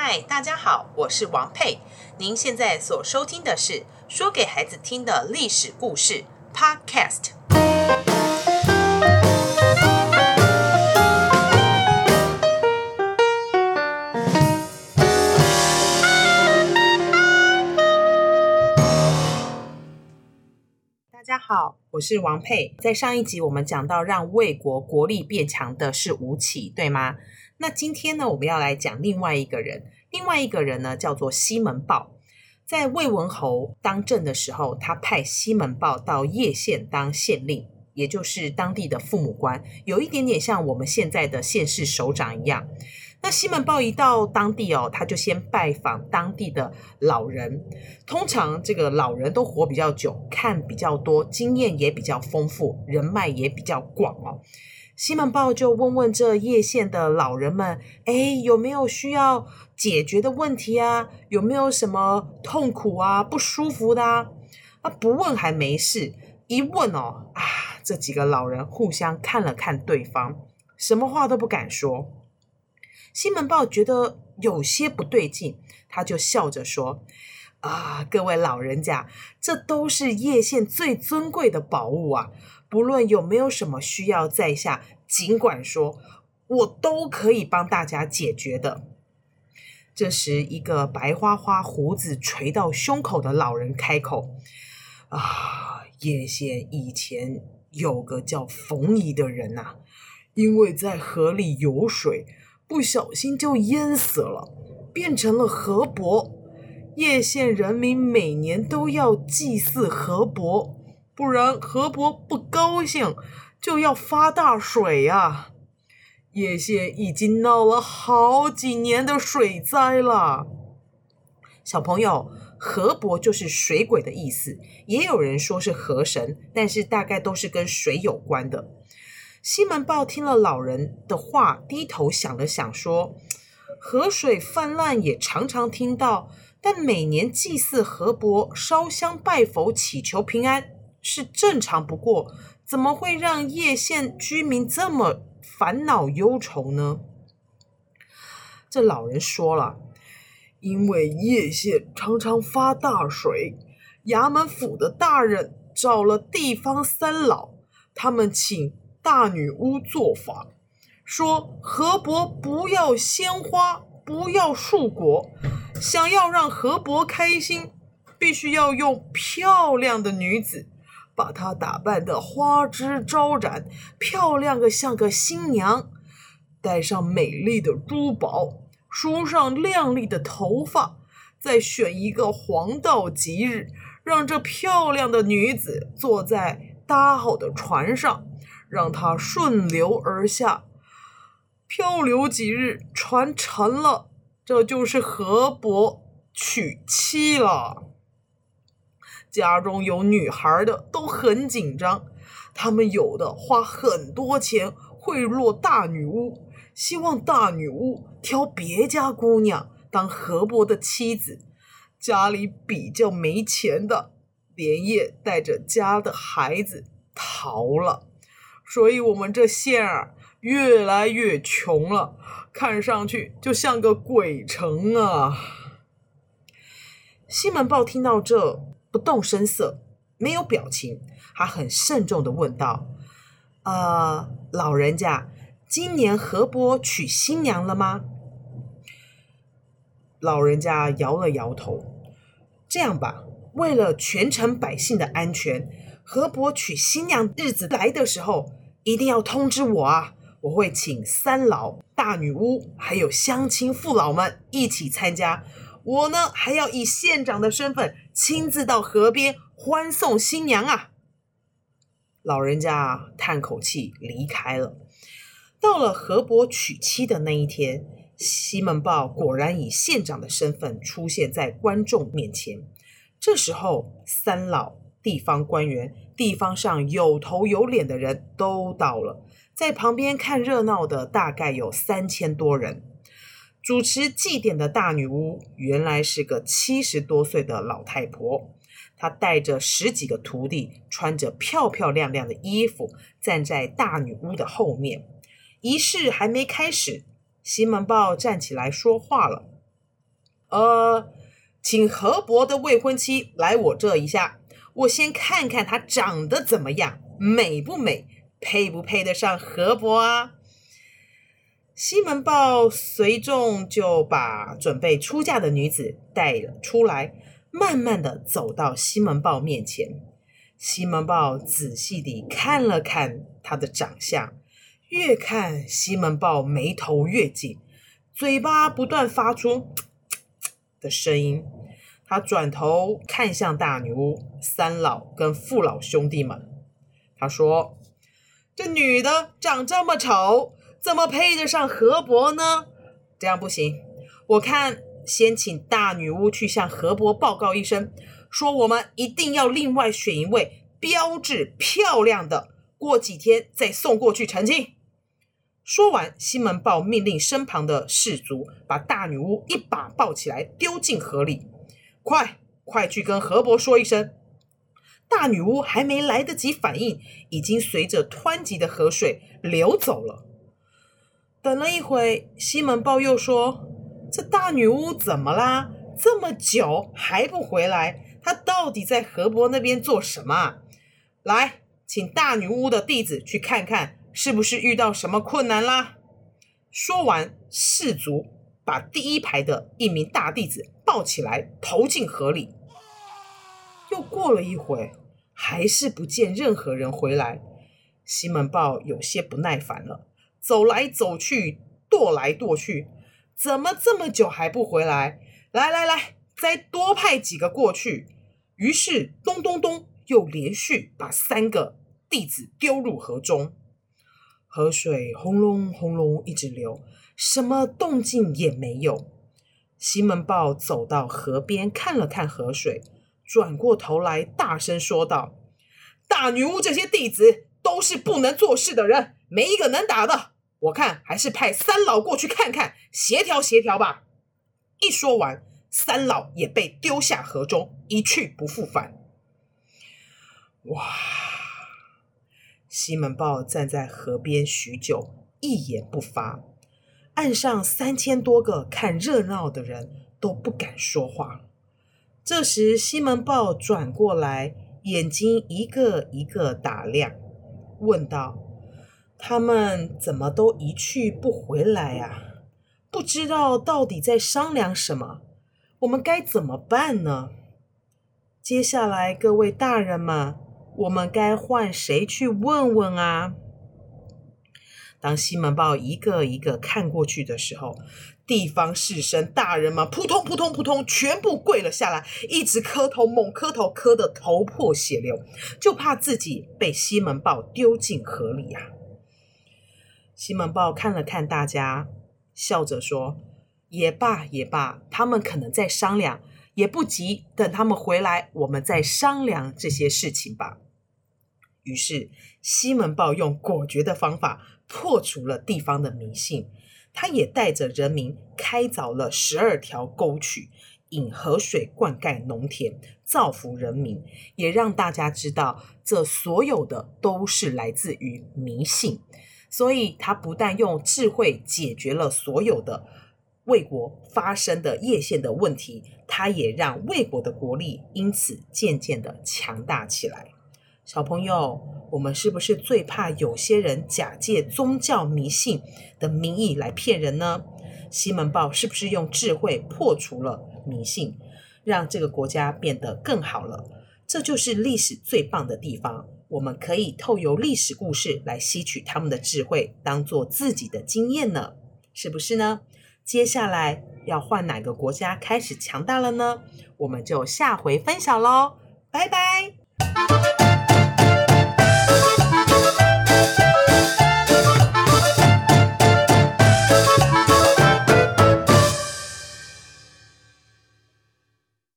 嗨，大家好，我是王佩。您現在所收聽的是《說給孩子聽的歷史故事》Podcast。大家好，我是王佩。在上一集我們講到，讓魏國國力變強的是吳起，對嗎？那今天呢，我們要來講另外一個人。另外一個人呢，叫做西門豹。在魏文侯當政的時候，他派西門豹到鄴縣當縣令，也就是當地的父母官，有一點點像我們現在的縣市首長一樣。那西門豹一到當地哦，他就先拜訪當地的老人。通常這個老人都活比較久，看比較多，經驗也比較豐富，人脈也比較廣哦。西門豹就問問這鄴縣的老人們：“誒，有沒有需要解決的問題啊？有沒有什麼痛苦啊、不舒服的啊？”啊不問還沒事，一問哦啊，這幾個老人互相看了看對方，什麼話都不敢說。西門豹覺得有些不對勁，他就笑着說：“啊，各位老人家，這都是鄴縣最尊貴的寶物啊！不論有沒有什麼需要，在下儘管說，我都可以幫大家解決的。”這時，一個白花花鬍子垂到胸口的老人開口：“啊，鄴縣以前有個叫馮夷的人吶、啊，因為在河裡遊水。”不小心就淹死了，變成了河伯。鄴縣人民每年都要祭祀河伯，不然河伯不高興就要發大水啊。鄴縣已經鬧了好幾年的水災了。小朋友，河伯就是水鬼的意思，也有人說是河神，但是大概都是跟水有關的。西門豹聽了老人的話，低頭想了想，說：“河水氾濫也常常聽到，但每年祭祀河伯、燒香拜佛、祈求平安是正常不過，怎麼會讓葉縣居民這麼煩惱憂愁呢？”這老人說了：“因為葉縣常常發大水，衙門府的大人找了地方三老，他們請。”大女巫做法，說河伯不要鮮花，不要樹果，想要讓河伯開心，必須要用漂亮的女子，把她打扮得花枝招展，漂亮的像個新娘，戴上美麗的珠寶，梳上亮麗的頭髮，再選一個黃道吉日，讓這漂亮的女子坐在搭好的船上。讓他順流而下，漂流幾日，船沉了，這就是河伯娶妻了。家中有女孩的都很緊張，他們有的花很多錢賄賂大女巫，希望大女巫挑別家姑娘當河伯的妻子。家裡比較沒錢的，連夜帶着家的孩子逃了。所以，我們這縣兒越來越窮了，看上去就像個鬼城啊！西門豹聽到這，不動聲色，沒有表情，還很慎重的問道：“呃，老人家，今年河伯娶新娘了嗎？”老人家搖了搖頭。這樣吧，為了全城百姓的安全。河伯娶新娘日子來的時候，一定要通知我啊！我會請三老、大女巫，還有鄉親父老們一起參加。我呢，還要以縣長的身份親自到河邊歡送新娘啊！老人家嘆口氣離開了。到了河伯娶妻的那一天，西門豹果然以縣長的身份出現在觀眾面前。這時候，三老。地方官員、地方上有頭有臉的人都到了，在旁邊看熱鬧的大概有三千多人。主持祭典的大女巫原來是個七十多歲的老太婆，她帶着十幾個徒弟，穿着漂漂亮亮的衣服，站在大女巫的後面。儀式還沒開始，西門豹站起來說話了：“呃，請河伯的未婚妻來我這一下。”我先看看她長得怎麼樣，美不美，配不配得上河伯啊？西門豹隨眾就把準備出嫁的女子帶了出來，慢慢地走到西門豹面前。西門豹仔細地看了看她的長相，越看西門豹眉頭越緊，嘴巴不斷發出“嘖嘖”的聲音。他轉頭看向大女巫、三老跟父老兄弟們，他說：“這女的長這麼醜，怎麼配得上河伯呢？這樣不行，我看先請大女巫去向河伯報告一聲，說我們一定要另外選一位標緻漂亮的，過幾天再送過去成親。”說完，西門豹命令身旁的士卒把大女巫一把抱起來，丟進河裡。快快去跟河伯說一聲！大女巫還沒來得及反應，已經隨着湍急的河水流走了。等了一會，西門豹又說：“這大女巫怎麼啦？這麼久還不回來？她到底在河伯那邊做什麼啊？”來，請大女巫的弟子去看看，是不是遇到什麼困難啦？說完，士卒把第一排的一名大弟子，抱起來，投進河裡。又過了一會，還是不見任何人回來。西門豹有些不耐煩了，走來走去，踱來踱去，怎麼這麼久還不回來？來來來，再多派幾個過去。於是咚咚咚，又連續把三個弟子丟入河中。河水轟隆轟隆一直流，什麼動靜也沒有。西門豹走到河邊，看了看河水，轉過頭來，大聲說道：“大女巫這些弟子都是不能做事的人，沒一個能打的。我看還是派三老過去看看，協調協調吧。”一說完，三老也被丟下河中，一去不復返。哇！西門豹站在河邊許久，一言不發。岸上三千多個看熱鬧的人都不敢說話。這時，西門豹轉過來，眼睛一個一個打量，問道：“他們怎麼都一去不回來呀？不知道到底在商量什麼？我們該怎麼辦呢？接下來，各位大人們，我們該換誰去問問啊？”當西門豹一個一個看過去的時候，地方士紳大人們撲通撲通撲通，全部跪了下來，一直磕頭，猛磕頭，磕得頭破血流，就怕自己被西門豹丟進河裡呀、啊。西門豹看了看大家，笑着說：“也罷也罷，也罷，他們可能在商量，也不急，等他們回來，我們再商量這些事情吧。”於是，西門豹用果決的方法破除了地方的迷信。他也帶着人民開鑿了十二條溝渠，引河水灌溉農田，造福人民，也讓大家知道這所有的都是來自於迷信。所以，他不但用智慧解決了所有的魏國發生的鄴縣的問題，他也讓魏國的國力因此漸漸的強大起來。小朋友，我們是不是最怕有些人假借宗教迷信的名義來騙人呢？西門豹是不是用智慧破除了迷信，讓這個國家變得更好了？這就是歷史最棒的地方，我們可以透由歷史故事來吸取他們的智慧，當做自己的經驗呢，是不是呢？接下來要換哪個國家開始強大了呢？我們就下回分享嘍，拜拜。